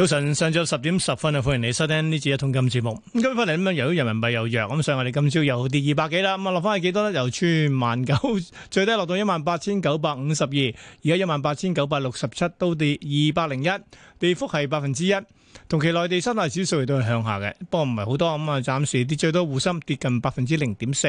早晨，上晝十點十分啊，歡迎你收聽呢節一通金節目。咁今日翻嚟咁啊，由於人民幣又弱，咁所以我哋今朝又跌二百幾啦。咁啊落翻去幾多呢？由千萬九最低落到一萬八千九百五十二，而家一萬八千九百六十七都跌二百零一，跌幅係百分之一。同期內地三大指數亦都係向下嘅，不過唔係好多。咁啊，暫時跌最多滬深跌近百分之零點四。.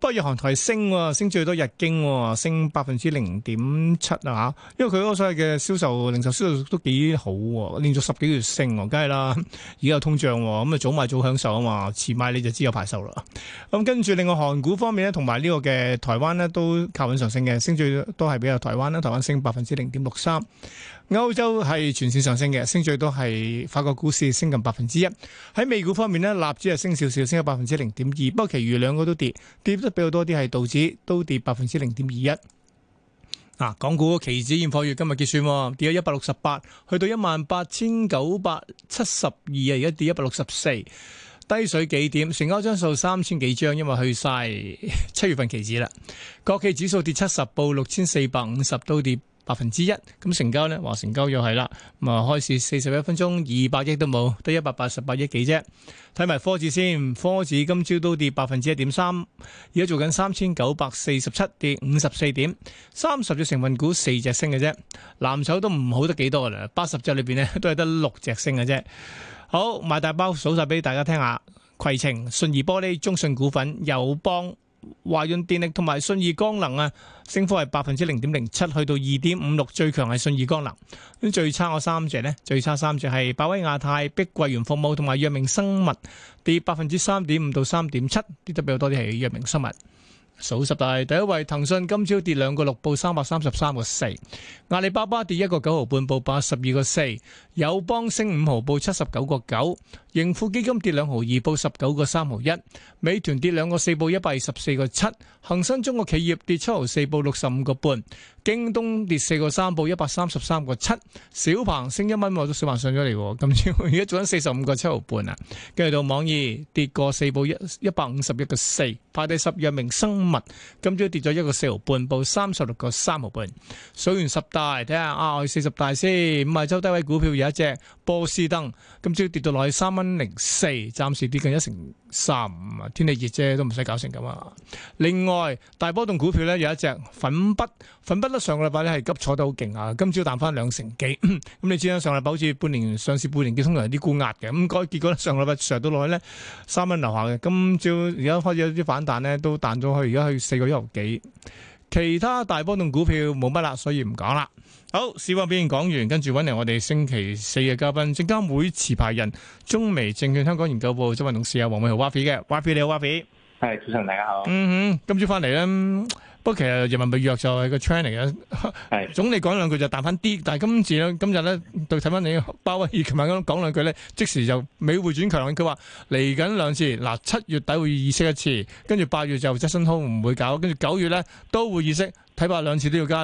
不過，日韓台升喎，升最多日經，升百分之零點七啊嚇，因為佢嗰個所謂嘅銷售、零售銷售都幾好，連續十幾個月升，梗係啦。而家有通脹，咁啊早買早享受啊嘛，遲買你就知有排售啦。咁跟住另外韓股方面咧，同埋呢個嘅台灣咧都靠穩上升嘅，升最都係比較台灣啦，台灣升百分之零點六三。歐洲係全線上升嘅，升最多係法國股市升近百分之一。喺美股方面咧，納指係升少少，升咗百分之零點二，不過其餘兩個都跌，跌得比較多啲係道指都跌百分之零點二一。嗱，港股、啊、期指現貨月今日結算，跌咗一百六十八，去到一萬八千九百七十二，而家跌一百六十四，低水幾點？成交張數三千幾張，因為去晒七月份期指啦。國企指數跌七十，報六千四百五十，都跌。百分之一咁成交呢話成交又係啦。咁啊，開市四十一分鐘二百億都冇，得一百八十八億幾啫。睇埋科指先，科指今朝都跌百分之一點三，而家做緊三千九百四十七跌五十四點，三十隻成分股四隻升嘅啫。藍籌都唔好得幾多嘅啦，八十隻裏邊呢都係得六隻升嘅啫。好，買大包數晒俾大家聽下，攜程、信義玻璃、中信股份、友邦。華潤電力同埋信義光能啊，升幅係百分之零點零七，去到二點五六。最強係信義光能。咁最，最差個三隻呢，最差三隻係百威亞太、碧桂園服務同埋藥明生物，跌百分之三點五到三點七，跌得比較多啲係藥明生物。數十大第一位，騰訊今朝跌兩個六，報三百三十三個四；阿里巴巴跌一個九毫半，報八十二個四；友邦升五毫，報七十九個九；盈富基金跌兩毫二，報十九個三毫一；美團跌兩個四，報一百二十四個七；恒生中國企業跌七毫四，報六十五個半；京東跌四個三，報一百三十三個七；小鵬升一蚊，我都小鵬上咗嚟，今朝而家做緊四十五個七毫半啦。跟住到網易跌個四，報一一百五十一個四，排第十一名，生。今朝跌咗一個四毫半，報三十六個三毫半。數完十大，睇下啊，我四十大先。唔係，周低位股票有一隻波斯登，今朝跌到落去三蚊零四，暫時跌近一成。三五啊，天氣熱啫，都唔使搞成咁啊！另外，大波動股票咧有一隻粉筆，粉筆咧上個禮拜咧係急挫得好勁啊！今朝彈返兩成幾，咁、 嗯、你知啦，上禮拜好似半年上市半年結通常有啲沽壓嘅，咁結結果咧上個禮拜上到落、嗯、去咧三蚊樓下嘅，今朝而家開始有啲反彈咧，都彈咗去，而家去四個一毫幾。其他大波動股票冇乜啦，所以唔講啦。好，市況表現講完，跟住揾嚟我哋星期四嘅嘉賓，證監會持牌人中微證券香港研究部周行董事啊，黃偉豪，蛙 y 嘅，蛙 y 你啊，蛙 y 係早晨，大家好。嗯哼，今朝翻嚟咧，不過其實人民幣弱就係個 train 嚟嘅的。係 總理講兩句就彈翻啲，但係今次咧，今日咧，對睇翻你鮑威爾琴晚咁講兩句咧，即時就美匯轉強。佢話嚟緊兩次，嗱七月底會議息一次，跟住八月就七新通唔會搞，跟住九月咧都會議息，睇怕兩次都要加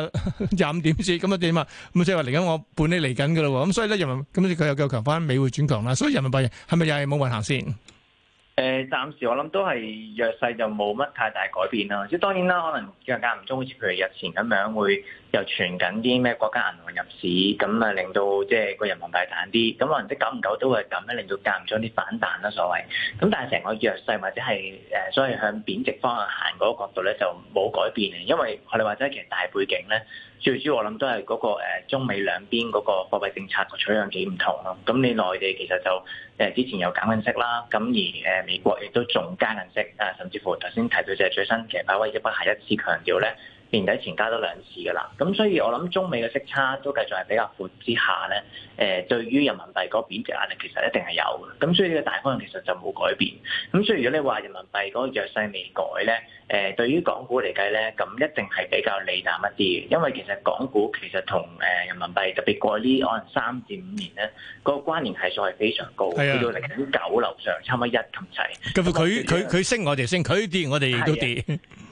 廿五點先。咁啊點啊？咁即係話嚟緊我伴你嚟緊噶啦。咁所以咧，人民今次佢又叫強翻美匯轉強啦。所以人民幣係咪又係冇運行先？誒，暫時我諗都係弱勢就冇乜太大改變啦。即係當然啦，可能嘅間唔中，好似譬如日前咁樣，會又傳緊啲咩國家銀行入市，咁啊令到即係個人民幣大彈啲。咁可能即係久唔久都係咁咧，令到間唔中啲反彈啦，所謂。咁但係成個弱勢或者係誒，所謂向貶值方向行嗰個角度咧，就冇改變嘅。因為我哋或者其實大背景咧，最主要我諗都係嗰個中美兩邊嗰個貨幣政策個取向幾唔同咯。咁你內地其實就誒之前有減緊息啦，咁而誒。美國亦都仲加緊息，啊，甚至乎頭先提到就係最新嘅鮑威爾，亦都係一次強調咧。年底前加多兩次㗎喇，咁所以我諗中美嘅息差都繼續係比較闊之下咧，誒對於人民幣嗰個貶值壓力其實一定係有嘅，咁所以呢個大方向其實就冇改變。咁所以如果你話人民幣嗰個弱勢未改咧，誒對於港股嚟計咧，咁一定係比較利淡一啲嘅，因為其實港股其實同誒人民幣特別過呢可能三至五年咧，嗰個關聯係數係非常高，去到零點九樓上差唔多一咁滯。佢佢佢佢升，我哋升，佢跌，我哋都跌。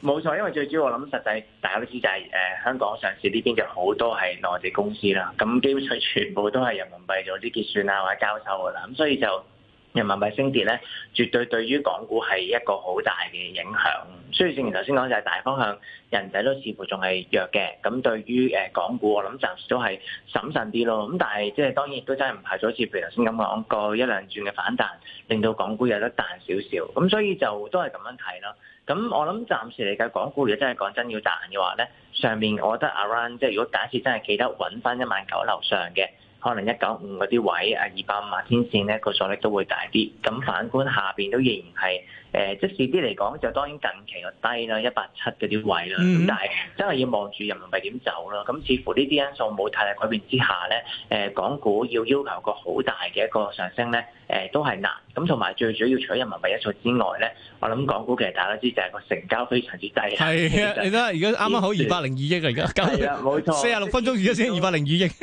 冇錯，因為最主要我諗實際大家都知就係誒香港上市呢邊嘅好多係內地公司啦，咁基本上全部都係人民幣做啲結算啊、或者交收㗎啦，咁所以就人民幣升跌咧，絕對對於港股係一個好大嘅影響。所以正如頭先講就係、是、大方向，人仔都似乎仲係弱嘅。咁對於誒港股我，我諗暫時都係審慎啲咯。咁但係即係當然亦都真係唔排除好似譬如頭先咁講個一兩轉嘅反彈，令到港股有得彈少少。咁所以就都係咁樣睇咯。咁我諗暫時嚟計，港股如果真係講真要彈嘅話咧，上面我覺得 around 即係，如果假設真係企得揾翻一萬九樓上嘅。可能一九五嗰啲位啊，二百五萬天線咧，個阻力都會大啲。咁反觀下邊都仍然係誒、呃，即使啲嚟講，就當然近期個低啦，一百七嗰啲位啦。咁、嗯、但係真係要望住人民幣點走啦。咁似乎呢啲因素冇太大改變之下咧，誒、呃、港股要要求個好大嘅一個上升咧，誒、呃、都係難。咁同埋最主要除咗人民幣因素之外咧，我諗港股其實大家都知道就係個成交非常之低。係、嗯、啊，你睇下而家啱啱好二百零二億，而家而家啊，而家九冇錯，四十六分鐘而家先二百零二億。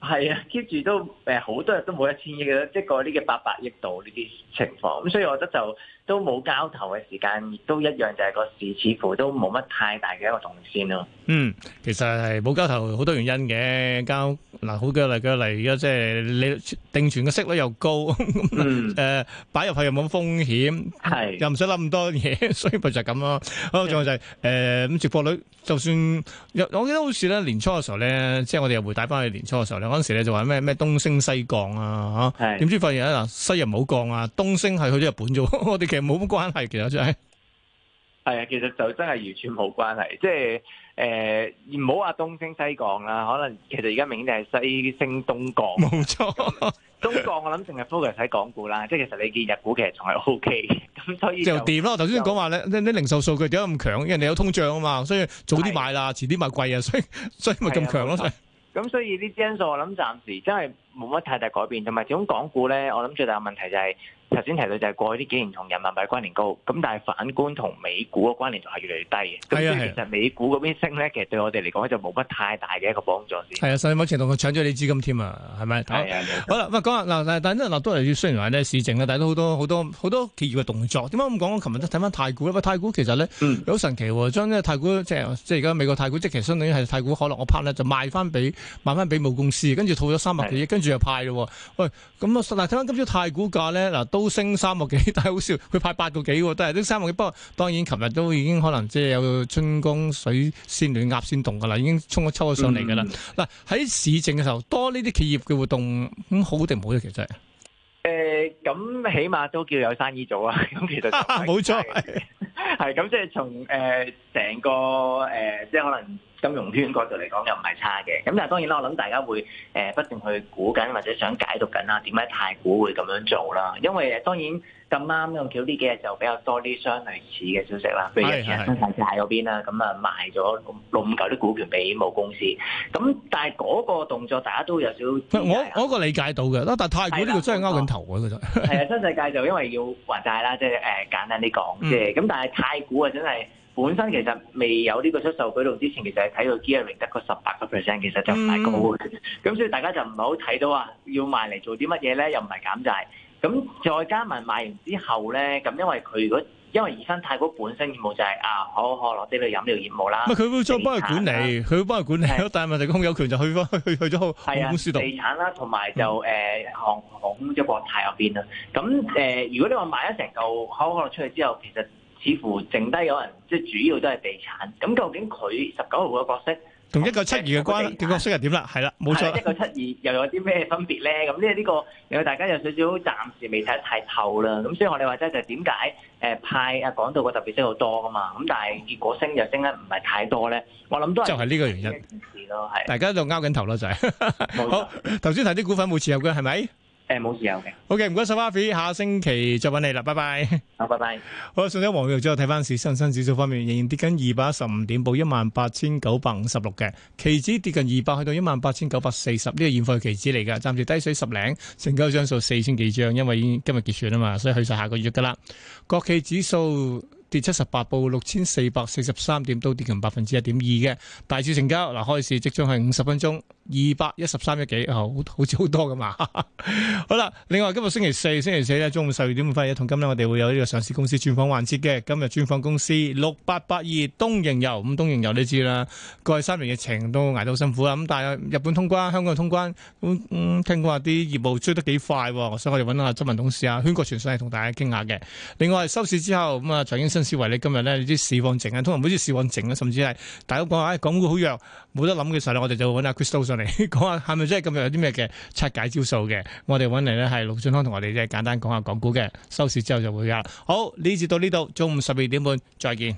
係 啊。住都誒好多日都冇一千億嘅，即係過呢個八百億度呢啲情況。咁所以我覺得就。都冇交投嘅時間，亦都一樣就係個市，似乎都冇乜太大嘅一個動線咯。嗯，其實係冇交投好多原因嘅交嗱，好嘅例嘅例，而家即係你定存嘅息率又高，誒擺入去又冇風險，又唔使諗咁多嘢，所以咪就係咁咯。好仲有就係誒咁，直播率就算我記得好似咧年初嘅時候咧，即係我哋又會帶翻去年初嘅時候咧，嗰陣時咧就話咩咩東升西降啊嚇，點知發現咧嗱西又冇降啊，東升係去咗日本啫，我哋。冇乜關係其實就係，係啊,其實就真係完全冇關係，即係誒，唔好話東升西降啦，可能其實而家明顯淨係西升東降，冇錯。東降我諗淨係 focus 喺港股啦，即係其實你見日股其實仲係 OK，咁所以就掂咯。頭先講話咧，啲零售數據點解咁強？人哋有通脹啊嘛，所以早啲買啦，遲啲咪貴啊，所以所以咪咁強咯。咁所以啲因素我諗暫時真係冇乜太大改變，同埋始終港股咧，我諗最大問題就係。頭先提到就係過去呢幾年同人民幣關聯高，咁但係反觀同美股嘅關聯就係越嚟越低嘅。咁的其實美股嗰邊升咧，其實對我哋嚟講就冇乜太大嘅一個幫助先。係啊，甚至有啲情況仲搶咗你資金添啊，係咪？的好啦，喂的，講下嗱，但係但係嗱，都係要雖然話咧，市淨啊，但係都好多好多好多企業嘅動作。點解咁講？我琴日都睇翻太古。咧，喂，太古其實咧又好神奇喎，嗯、將啲太古，即係即係而家美國太古，即係其實相當於係太古，可樂，我拍咧就賣翻俾賣翻俾母公司，跟住套咗三百幾億，跟住的又派咯。喂，咁啊，嗱，睇翻今朝太古價咧，嗱都。都升三個幾，但係好笑，佢派八個幾，都係啲三個幾。不過當然，琴日都已經可能即係有春江水先暖，鴨先凍噶啦，已經沖咗抽咗上嚟噶、嗯、啦。嗱，喺市政嘅時候多呢啲企業嘅活動，咁好定唔好咧？其實誒，咁起碼都叫有生意做啊。咁其實冇錯，係咁是、 呃呃、即係從誒成個誒即係可能。金融圈角度嚟講又唔係差嘅，咁但係當然啦，我諗大家會誒不斷去估緊或者想解讀緊啦，點解太古會咁樣做啦？因為當然咁啱咁巧呢幾日就比較多啲相類似嘅消息啦，譬如新世界嗰邊啦，咁啊賣咗六五九啲股權俾母公司，咁但係嗰個動作大家都有少，我我個理解到嘅啦，但係太古呢個真係勾緊頭嘅啫，係啊，新世界就因為要還債啦，即係誒簡單啲講即係，咁但係太古啊真係。本身其實未有呢個出售舉動之前，其 aring，其實係睇到 gearing 得個十八個 percent，其實就唔係高咁、嗯、 所以大家就唔好睇到話要賣嚟做啲乜嘢咧，又唔係減債。咁再加埋賣完之後咧，咁因為佢如果因為怡生太古本身業務就係、是、啊，可口可樂啲嘅飲料業務啦。唔佢會再、啊、幫佢管理，佢會幫佢管理咯。但係問題，公有權就去翻 去去咗公司度。地產啦、啊，同埋就誒、嗯呃、航空即係國泰嗰邊啦。咁誒、呃呃，如果你話買咗成嚿可口可樂出去之後，其實。似乎剩低有人，即係主要都係地產。咁究竟佢十九號嘅角色，同一九七二嘅關角色係點啦？係啦，冇錯。一九七二又有啲咩分別咧？咁呢？呢、這個有大家有少少暫時未睇得太透啦。咁所以我哋話真係點解誒派啊港島嘅特別息好多噶嘛？咁但係結果升又升得唔係太多咧。我諗都係就係呢個原因。大家就拗緊頭咯，就係、是。錯 好，頭先睇啲股份冇持有嘅係咪？誒，冇自由嘅。OK，唔該晒，Vivie，下星期再揾你啦，拜拜。好，拜拜。好啦，上咗黃玉玉之後，睇翻市新新指數方面，仍然跌緊二百一十五點，報一萬八千九百五十六嘅，期指跌近二百，去到一萬八千九百四十，呢個現貨期指嚟㗎，暫時低水十零，成交張數四千幾張，因為已經今日結算啊嘛，所以去晒下個月噶啦。國企指數跌七十八，報六千四百四十三點，都跌近百分之一點二嘅。大市成交嗱，開市即將係五十分鐘。二百一十三億幾好 好似好多咁嘛。好啦，另外今日星期四，星期四咧，中午十二點翻嚟，同今日我哋會有呢個上市公司專訪環節嘅。今日專訪公司六八八二東瀛遊，咁東瀛遊你知啦，過去三年疫情都捱到辛苦啦。咁但係日本通關，香港通關，咁、嗯、聽講話啲業務追得幾快喎，所以我哋揾下執行董事啊，宣國傳訊嚟同大家傾下嘅。另外收市之後咁啊，財經新思維，你今日咧，啲市況靜啊，通常好似市況靜啊，甚至係大家講話誒港股好弱，冇得諗嘅時候咧，我哋就揾阿 Crystal 嚟講 下係咪真係今日有啲咩嘅拆解招數嘅？我哋揾嚟咧係陸俊康同我哋即係簡單講下港股嘅收市之後就會㗎啦。好，呢節到呢度，中午十二點半，再見。